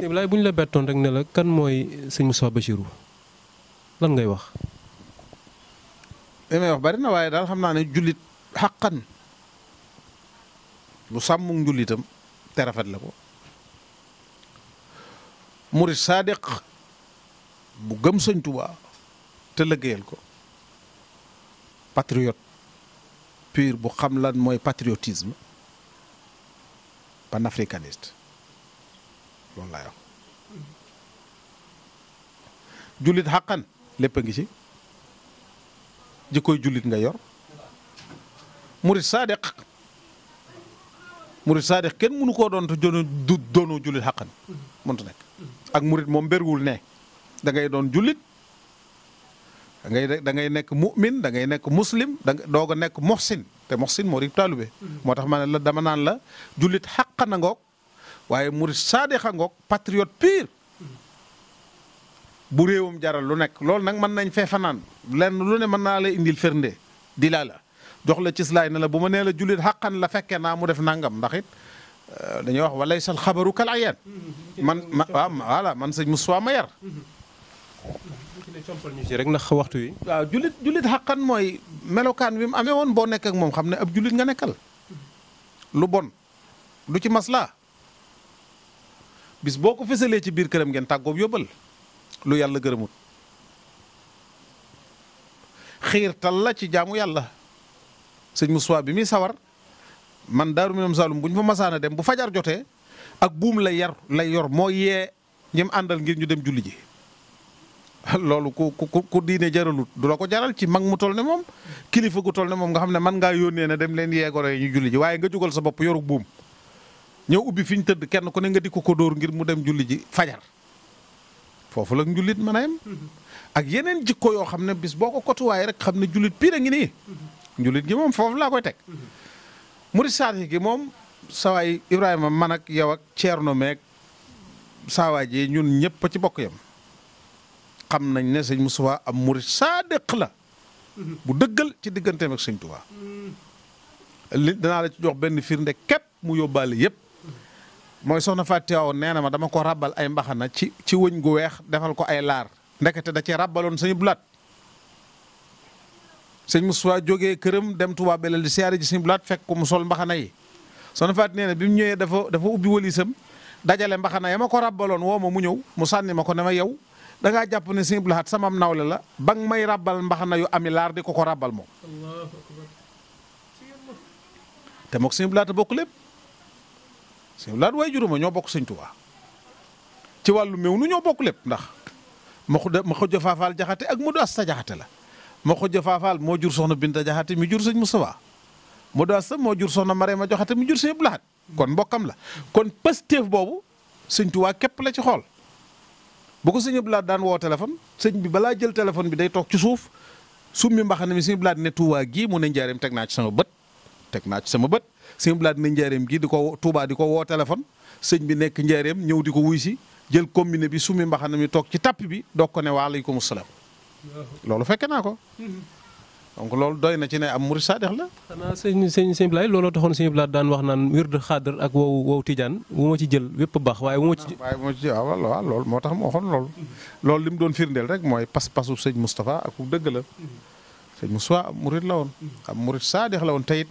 sëñ bu ñu la bettoon rek ne la kan mooy sëñ Moussa Bachirou lan ngay wax. li may wax bari na waaye daal xam naa ne jullit xaqan bu sàmmug njullitam te rafet la ko murid saadiq bu gëm sëñ Tuubaa te liggéeyal ko patriote pur bu xam lan mooy patriotisme panafricaniste jullit xàqan lépp a ngi ci jikkoy jullit nga yor murit saadiq murit saadiq kenn mënu koo doon te jono du doonoo jullit xàqan mënta nekk ak murit moom berwul ne dangay doon jullit dangay ngay da ngay nekk mu'min da ngay nekk muslim da doog a nekk moxsin te moxsin moo rib taalube moo tax ma ne la dama naan la jullit xàqan a ngoog waaye murit saadiq a ngoog patriote pire bu réewam jaral lu nekk loolu nag mën nañ fee fanaan lenn lu ne mën naa la indil firnde di la jox la ci silaay la bu ma nee la jullit xaqan la fekkee naa mu def nangam ndax it euh, dañuy wax walay sal xabaru kal man ma waaw voilà man sëñ Moussa ma yar. rek waxtu wi. waaw jullit jullit mooy melokaan wi mu amee woon boo nekk ak moom xam ne ab jullit nga nekkal. lu bon lu ci maslaa bis boo ko fësalee ci biir këram ngeen tàggoob yóbbal. lu yàlla gërëmut xiirtal la ci jaamu yàlla sëñ Moussa bi muy sawar man daaru minam Saalum buñ ñu fa masaana dem bu fajar jotee ak buum lay yar lay yor moo yee ñim àndal ngir ñu dem julli ji loolu ku ku ku diine jaralut du la ko jaral ci mag mu toll ne moom kilifa gu toll ne moom nga xam ne man ngaa yónnee ne dem leen yeegoro ñu julli ji waaye nga jugal sa bopp yoru buum ñëw ubbi fi ñu tëdd kenn ku ne nga di ko ko dóor ngir mu dem julli ji fajar foofu la njulit mën a ak yeneen jikko yoo xam ne bis boo ko kotuwaay rek xam ne jullit pire a ngi nii njullit gi moom foofu laa koy teg murid saadix gi moom sawaay Ibrahima man ak yow ak Ceerno meeg saawaay ji ñun ñëpp ci bokk yam xam nañ ne sëñ Moustapha am murid saadiq la bu dëggal ci digganteem ak sëñ Tuubaa li danaa la ci jox benn firnde képp mu yóbbaale yëpp mooy soxna Fatou Thiaw nee na ma dama ko rabal ay mbaxana ci ci wëñ gu weex defal ko ay laar ndekete da ci rabaloon sëñ Bulaat sëñ Moussa jógee këram dem Touba Belel di ji sëñ Bulaat fekk ko mu sol mbaxana yi soxna Fatou nee na bi mu ñëwee dafa dafa ubbi wëlisam dajale mbaxana ya ma ko rabaloon woo ma mu ñëw mu sànni ma ko ne ma yow da ngaa jàpp ne sëñ Bulaat sama nawle la ba may rabal mbaxana yu ami laar di ko ko rabal moom te moog sëñ Bulaat bokk lépp. sëñ Abdou Lahad waaye ñoo bokk sëñ Tuubaa ci wàllu meew nu ñoo bokk lépp ndax ma xudda ma xujja faafaal jaxate ak mu du asta jaxate la ma xujja faafaal moo jur soxna Binta jaxate mi jur sëñ Moustapha mu du asta moo jur soxna Marema jaxate mi jur sëñ Abdou Lahad kon mbokkam la kon pësteef boobu sëñ Tuubaa képp la ci xool bu ko sëñ Abdou daan woo téléphone sëñ bi balaa jël téléphone bi day toog ci suuf summi mbaxana mi sëñ Abdou Lahad ne Tuubaa gii mu ne njaareem teg naa ci sama bët teg naa ci sama bët sëñ Abdou Lahad ne njaareem gi di ko tuubaa di ko woo téléphone sëñ bi nekk njaareem ñëw di ko wuy si jël combiné bi sumi mbaxana mi toog ci tapp bi doog ko ne waaleykum salaam loolu fekke naa ko donc loolu dooy na ci ne am murid saadix la xanaa sëñ sëñ sëñ Bilaay looloo taxoon sëñ Bilaay daan wax naan wird xaadar ak wow wow tijaan wu ma ci jël wépp baax waaye wu ma ci waaye bu ma ci moo tax mu waxoon lool loolu li mu doon firndeel rek mooy pas-pasu sëñ Moustapha ak dëgg la sëñ Moussa murit la woon xam murit saadix la woon teyit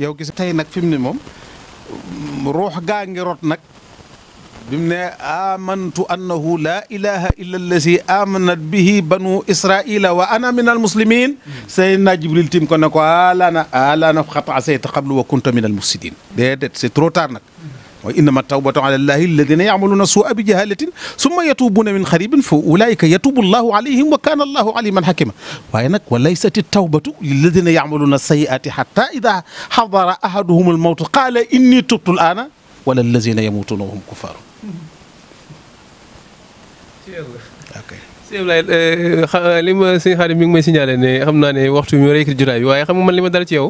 yow gis tey nag fi mu ne moom ruux gaa ngi rot nag bi mu ne amantu annahu laa ilaha illa allazi amanat bihi banu israila wa ana min almuslimin Seydina Jibril tim ko ne ko alaana alaana xat asayta qablu wa kunta min almufsidin déedéet c'est trop tard nag wa innama tawbatu ala allahi alladina yacmaluna suua bi jahalatin summa yatuubuna min xaribin fa ulaika yatubu allahu alayhim wa kaana allahu aliman xakima waaye nag wa laysati tawbatu lilladina yacmaluna sayiati xata ida xadara ahaduhum almawtu qaala inni tubtu alaana wala alladina yamutuuna wahum kuffaaru ok sëñ Ablaye euh, euh, li ma sëñ mi ngi may signalé ne xam naa ne waxtu bi ñu rekk jotaay bi waaye xam nga man li ma dal ci yow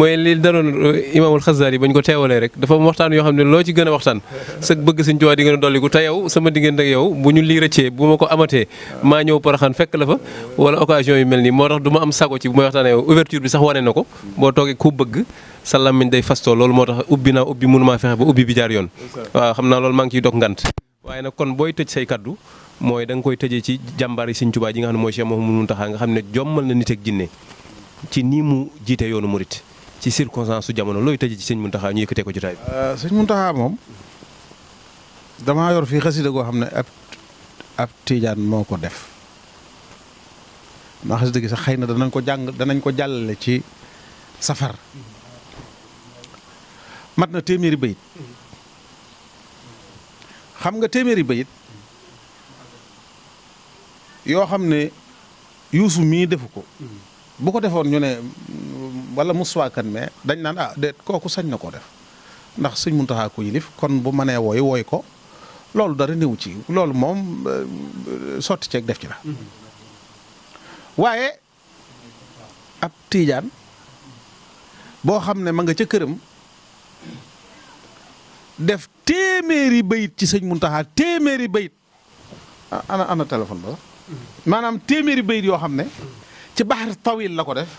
mooy li daloon euh, imaamul Xasaali yi bañ ko teewalee rek dafa am yoo xam ne loo ci gën a waxtaan sa bëgg sëñ Tuubaa di gën a dolliku te yow sama diggante ak yow bu ñu lii rëccee bu ma ko amatee maa ñëw Poroxaan fekk la fa wala occasion yi mel nii moo tax du ma am sago ci bu may waxtaanee yow ouverture bi sax wane na ko boo toogee ku bëgg sa làmmiñ day fastoo loolu moo tax ubbi naa ubbi mënumaa fexe ba ubbi bi jaar yoon waaw xam naa loolu maa ngi ciy dog ngant waaye nag kon booy tëj say kaddu mooy danga koy tëjee ci jàmbaari Sëñ Tuubaa ji nga xam ne mooy mu Mouhamadou Mountakha nga xam ne jommal na nit ak jinne ci nii mu jiite yoonu murit ci circonstance su jamono looy tëje ci sëñ Mountakha ñu yëkkatee ko jotaay bi. Euh, sëñ Mountakha moom dama yor fii xasida goo xam ne ab ab tiijaan moo ko def ndax xasida gi sax xëy na danañ ko jàng danañ ko jàllale ci safar mat na téeméeri bayit xam nga téeméeri bayit yoo xam ne yuusu mii defu ko mm. bu ko defoon ñu ne wala Moussa Kane mais dañ naan ah déet kooku sañ na koo def ndax sëñ Muntaxa ko yilif kon bu mënee wooy wooy ko loolu dara néew ci loolu moom euh, sotti ceeg def ci la mm-hmm. waaye ab tiijaan boo xam ne ma nga ca këram def téeméeri bayit ci sëñ Muntaxa téeméeri bayit ah, ana ana téléphone ba maanaam téeméeri bayit yoo xam ne ci baxar tawil la ko def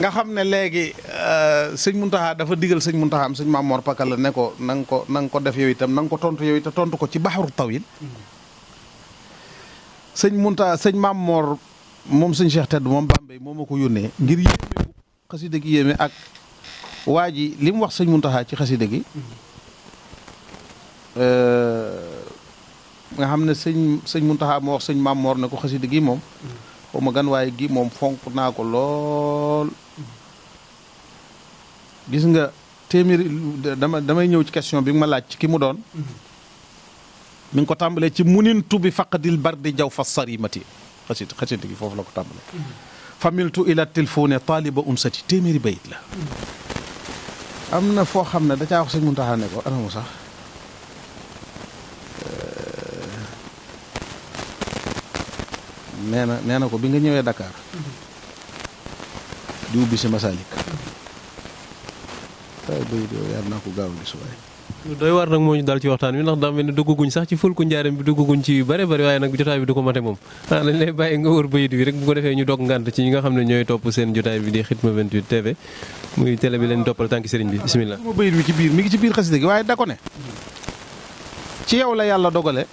nga xam ne léegi euh, sëñ Muntaxa dafa digal sëñ Muntaxa am sëñ Maamoor Pakal la ne ko nang ko na nga ko def yow itam na ko tontu yow itam tontu ko ci baxaru tawil sëñ Muntaxa sëñ Maamoor moom sëñ Cheikh Tedd moom Bambey moom ma ko yónnee ngir yéeme xasida gi yéeme ak waa ji li mu wax sëñ Muntaxa ci xasida gi euh, nga xam ne sëñ sëñ Muntaxa moo wax sëñ Maam Moor ne ko xasida gi moom mm. xaw ma gan waaye gi moom fonk naa ko lool mm. gis nga téeméeri dama damay ñëw ci question bi nga ma laaj ci ki mu doon mm. mi ngi ko tàmbalee ci munintu bi di faqadil bardi jaw fa sarimati xasit xasit gi foofu la ko tàmbalee familtu ila tilfone taaliba umsati téeméeri bayit la am na foo xam ne da caa wax sëñ Muntaxa ne ko anamu sax nee na nee na ko bi nga ñëwee Dakar di ubbi si Masalik tay bay doo yar naa ko gaaw gis waaye doy war nag moo daal dal ci waxtaan wi ndax daa mel ni dugguñ sax ci fulku njaareem bi dugguñ ci bare bare waaye nag jotaay bi du ko mate moom ah lañ lay bàyyi nga wër bayit bi rek bu ko defee ñu dog ngant ci nga xam ne ñooy topp seen jotaay bi di Khidma 28 TV muy télé bi leen toppal tànki sëriñ bi bismillah sama bi ngi ci biir xasida gi waaye da ko ne yàlla dogale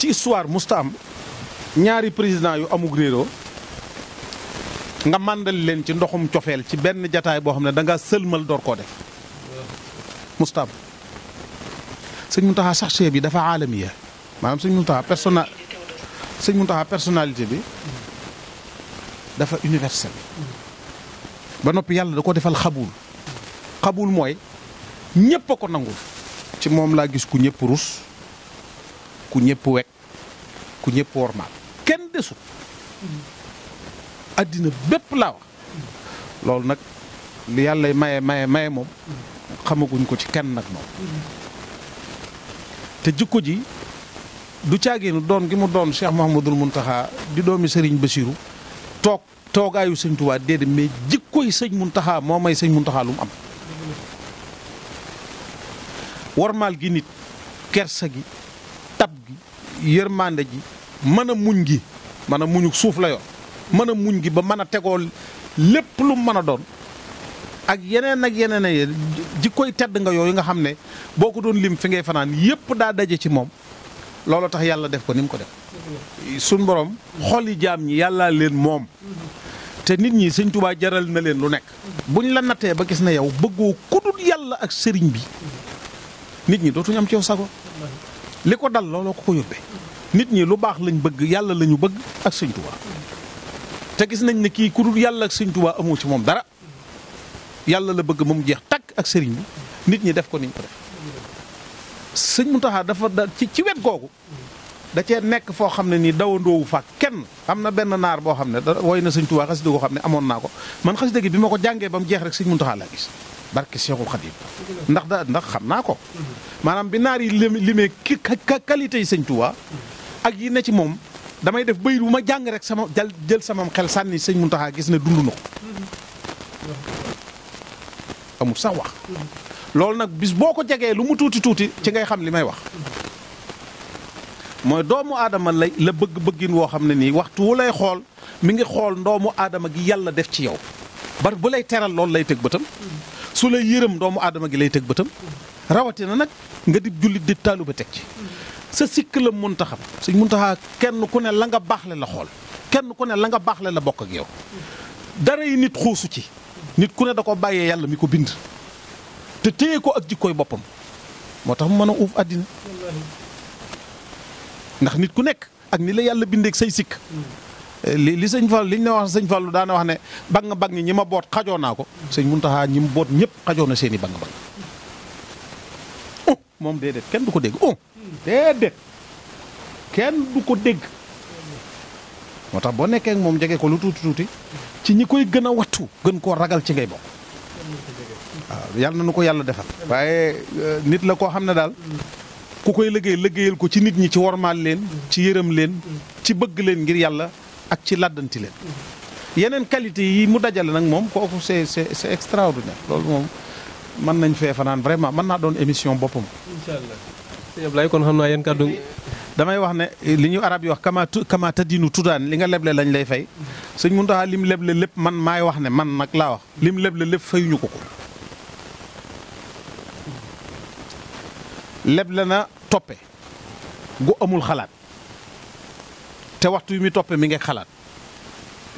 ci histoire musta am ñaari président yu amug réeroo nga màndal leen ci ndoxum cofeel ci benn jataay boo xam ne da nga sëlmal door koo def musta am sëñ Muntaxa saxse bi dafa aalamiya maanaam sëñ Muntaxa persona sëñ bi dafa universel ba noppi yàlla da ko defal xabul xabul mooy ñëpp a ko nangul ci moom laa gis ku ñëpp rus ku ñëpp wekk ku ñëpp wormaal kenn desut àddina bépp laa wax loolu nag li yàlla maye maye maye moom xamaguñ ko ci kenn nag moom te jikko ji du caageenu doon gi mu doon Cheikh mun taxaa di doomi sëriñ Bassirou toog toogaayu sëñ Tuubaa déedéet mais jikkoy sëñ taxaa moo may sëñ Mountakha lu mu am. wormaal gi nit kersa gi yërmande ji mën a muñ gi mën a muñu suuf la yor mën a muñ gi ba mën a tegoo lépp lu mën a doon ak yeneen ak yeneen a yéen ji koy tedd nga yooyu nga xam ne boo ko doon lim fi ngay fanaan yépp daa daje ci moom loolu tax yàlla def ko ni mu ko def suñ borom xol yi jaam ñi yàllaa leen moom te nit ñi sëñ Tuubaa jaral na leen lu nekk buñ la nattee ba gis na yow bëggoo kudul yàlla ak sëriñ bi nit ñi dootuñu am ci yow sago li ko dal looloo ko ko yóbbee nit ñi lu baax lañ bëgg yàlla la ñu bëgg ak sëñ te gis nañ ne kii ku yàlla ak sëñ Tuubaa ci moom dara yàlla la bëgg ba mu jeex takk ak sëriñ bi nit ñi def ko niñ ko def sëñ dafa dal ci ci wet googu da cee nekk foo xam ne nii dawandoowu fa kenn am na benn naar boo xam ne da woy na sëñ Tuubaa xasida goo xam ne amoon naa ko man xasida gi bi ma ko jàngee ba mu jeex rek sëñ Muntaxa laa gis barke Cheikhul Khadim ndax daal ndax xam naa ko maanaam bi naar yi limee ki qualité yi sëñ Touba ak yi ne ci moom damay def bëy bu ma jàng rek sama jal jël sama xel sànni sëñ Mountakha gis ne dund na ko amul sax wax loolu nag bis boo ko jegee lu mu tuuti tuuti ci ngay xam li may wax mooy doomu aadama lay la bëgg-bëggin woo xam ne nii waxtu lay xool mi ngi xool ndoomu aadama gi yàlla def ci yow ba bu lay teral loolu lay teg bëtam su lay yërëm doomu aadama gi lay teg bëtam rawatina nag nga di jullit di taalu ba teg ci sa sikk la mun ta xam suñ mun taxaa kenn ku ne la nga baaxle la xool kenn ku ne la nga baaxle la bokk ak yow dara yi nit xuusu ci nit ku ne da ko bàyyee yàlla mi ko bind te téye ko ak jikkooy boppam moo tax mu mën a uuf àddina ndax nit ku nekk ak ni la yàlla bindeek say sikk li li sëñ Fall liñ na wax sëñ Fallu daana wax ne bang bang ñi ma boot xajoo naa ko sëñ Muntaxa ñi mu boot ñëpp xajoo na seen i bang bang oh moom kenn du ko dégg oh déedéet kenn du ko dégg moo tax boo nekkee moom jege ko lu tuuti tuuti ci ñi koy gën a wattu gën koo ragal ci ngay bokk waaw yàlla na nu ko yàlla defal waaye euh, nit la koo xam ne daal ku koy liggéey liggéeyal ko ci nit ñi ci wormaal leen ci yërëm leen ci bëgg leen ngir yàlla ak ci làddanti leen yeneen qualité yi mu dajale nag moom kooku c'est c'est extraordinaire loolu moom mën nañ fee fanaan vraiment mën naa doon émission boppam. allah sëñ Ablaye kon damay wax ne li ñu arab yi wax kama kama tadinu tudaan li nga leble lañ lay fay sëñ Muntaxa lim leble lépp man maay wax ne man nag laa wax lim leble lépp ñu ko ko. leble na toppe gu amul xalaat. te waxtu wi muy toppe mi ngi xalaat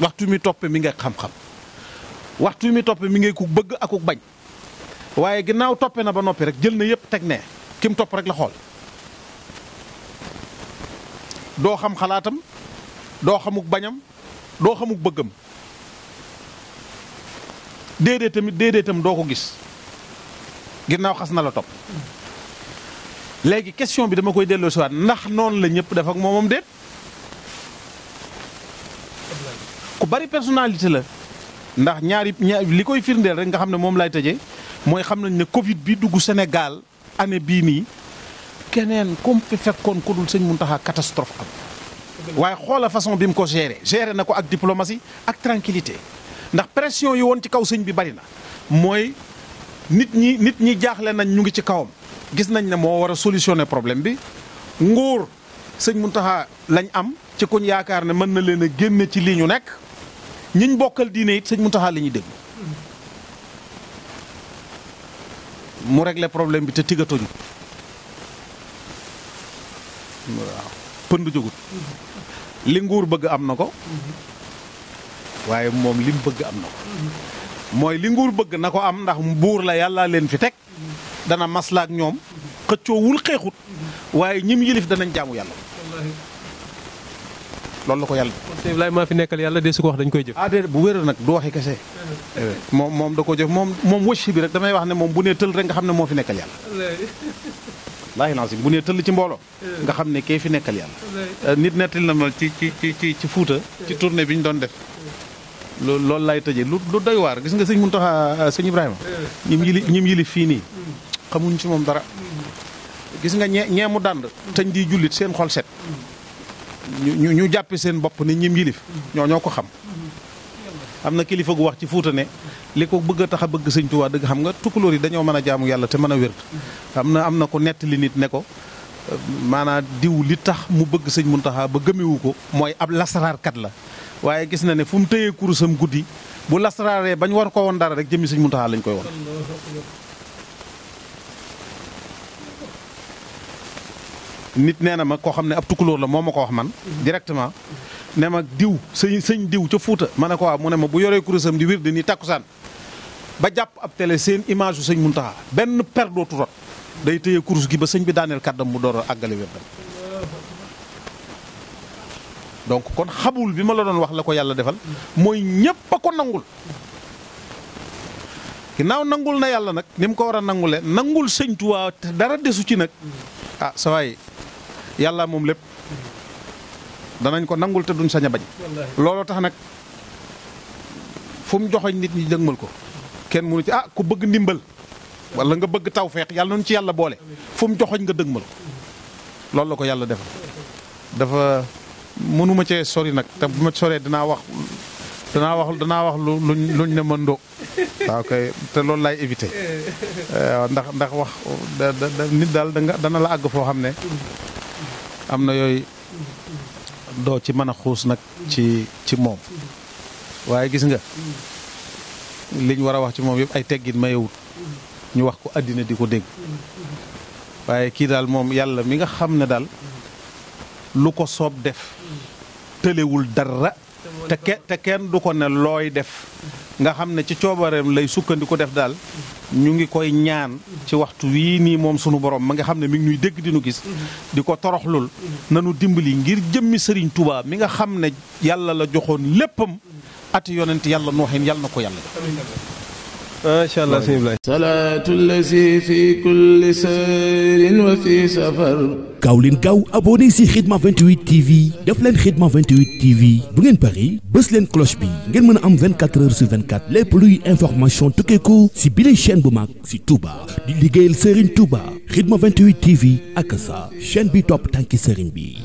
waxtu wi toppee mi ngi xam waxtu wi muy toppee mi ngi ku bëgg ak bañ waaye ginnaaw toppee na ba noppi rek jël na yëpp teg ne kim topp rek la xool doo xam xalaatam doo xamuk bañam doo xamuk bëggam déedéet tamit déedéet tam doo ko gis ginnaaw xas na la topp léegi question bi dama koy delloo si waat ndax noonu la ñëpp def ak moomam déet ku bari personnalité la ndax ñaari ñaar li koy firndeel rek nga xam ne moom laay tëjee mooy xam nañ ne Covid bi dugg senegal année bii nii keneen comme fi fekkoon ko dul sëñ Muntaxa catastrophe am. waaye xoola façon bi mu ko géré géré na ko ak diplomatie ak tranquillité ndax pression yi woon ci kaw sëñ bi bari na mooy nit ñi nit ñi jaaxle nañ ñu ngi ci kawam. gis nañ ne moo war a solutionner problème bi nguur sëñ mun Muntaxa lañ am ci kuñ yaakaar ne mën na leen a ci lii ñu nekk. ñiñ bokkal diine it sëñ Muntaxa la ñuy déglu mu régler problème bi te tiggatuñu waaw pënd jógut li nguur bëgg am na ko waaye moom lim bëgg am na ko mooy li nguur bëgg na ko am ndax buur la yàlla leen fi teg dana maslaak ñoom xëccoowul xeexut waaye ñim yilif danañ jaamu yàlla loolu la ko yàlla. kon Sèye Ibrahima maa fi de su ko wax koy jëf. ah déedéet bu wér nag du kese. Eh. Eh, moom moom da ko jëf moom moom wëcc bi rek damay wax ne moom bu nee tël rek nga xam ne moo fi nekkal yàlla. wallaahi lancé bu nee tëll ci mbooloo. Eh. nga xam ne kee fi nekkal yàlla. nit nettali na ci ci ci ci ci Fuuta. ci bi ñu doon def. loolu loolu laay tëjee lu lu doy waar gis nga sëñ tax sëñ Ibrahima. ñim yili ñim yili fii nii. Hmm. xamuñ ci moom dara. Hmm. gis nga ñee ñee mu dànd. Hmm. tañ di jullit seen xol set. ñu ñu jàppe seen bopp ni ñim yilif ñoo ñoo ko xam am na kilifa gu wax ci Fuuta ne li ko bëgg a tax a bëgg sëñ Tuubaa dëgg xam nga tukulóor yi dañoo mën a jaamu yàlla te mën a wér am na am na ko nettali nit ne ko maanaam diw li tax mu bëgg sëñ Muntaxaa ba gëmewu ko mooy ab lasaraarkat la waaye gis na ne fu mu tëyee kurusam guddi bu ba bañ war ko woon dara rek jëmmi sëñ Muntaxaa lañ koy woon nit nee na ma koo xam ne ab tukulóor la moo ma ko wax man directement ne ma diw sëñ sëñ diw ca Fuuta ma ne ko waaw mu ne ma bu yoree kurusam di wiir wirdi nii takkusaan ba jàpp ab tele seen image yu sëñ Muntaxa benn per rot day téye kurus gi ba sëñ bi daaneel kàddam mu door a àggale wirdam donc kon xabul bi ma la doon wax la ko yàlla defal mooy ñépp a ko nangul ginnaaw nangul na yàlla nag ni mu ko war a nangule nangul sëñ Tuubaa te dara desu ci nag ah sa yàlla moom lépp danañ ko nangul te duñ sañ a bañ looloo tax nag fu mu joxoñ nit ñi dëgmal ko kenn mënu ci ah ku bëgg ndimbal wala nga bëgg tawfeex yàlla noonu ci yàlla boole fu mu joxoñ nga dëgmal ko loolu la ko yàlla defal dafa mënuma cee sori nag te bu ma soree dinaa wax danaa wax danaa wax lu ne mëndoo waaw te loolu laay éviter eh, ndax ndax wax nit daal dana la àgg foo xam ne mm. am na yooyu doo ci mën a xuus nag ci ci moom waaye gis nga liñ war a wax ci moom yëpp ay teggin mayewut ñu wax ko àddina di ko dégg waaye kii daal moom yàlla mi nga xam ne daal lu ko soob def tëlewul dara te ke te kenn du ko ne looy def nga xam ne ci coobareem lay sukkandiku def daal ñu ngi koy ñaan ci waxtu wii nii moom sunu borom ma nga xam ne mi ngi ñuy dégg di gis di ko toroxlul nanu dimbali ngir jëmmi sëriñ Touba mi nga xam ne yàlla la joxoon léppam ati yonent yàlla nooxin yàlla na ko yàlla macha allah sëñ Ibrahima. salaatu lazi fi kulli sayrin wa fi safar. gaaw leen gaaw abonné si Khidma 28 TV def leen Khidma TV bu ngeen bari bës leen cloche bi ngeen mën am 24 heures sur 24 lépp luy information tukkeeku si bile chaîne bu mag si Touba di liggéeyal Serigne Touba Khidma 28 TV ak sa chaîne bi topp tànki Serigne bi.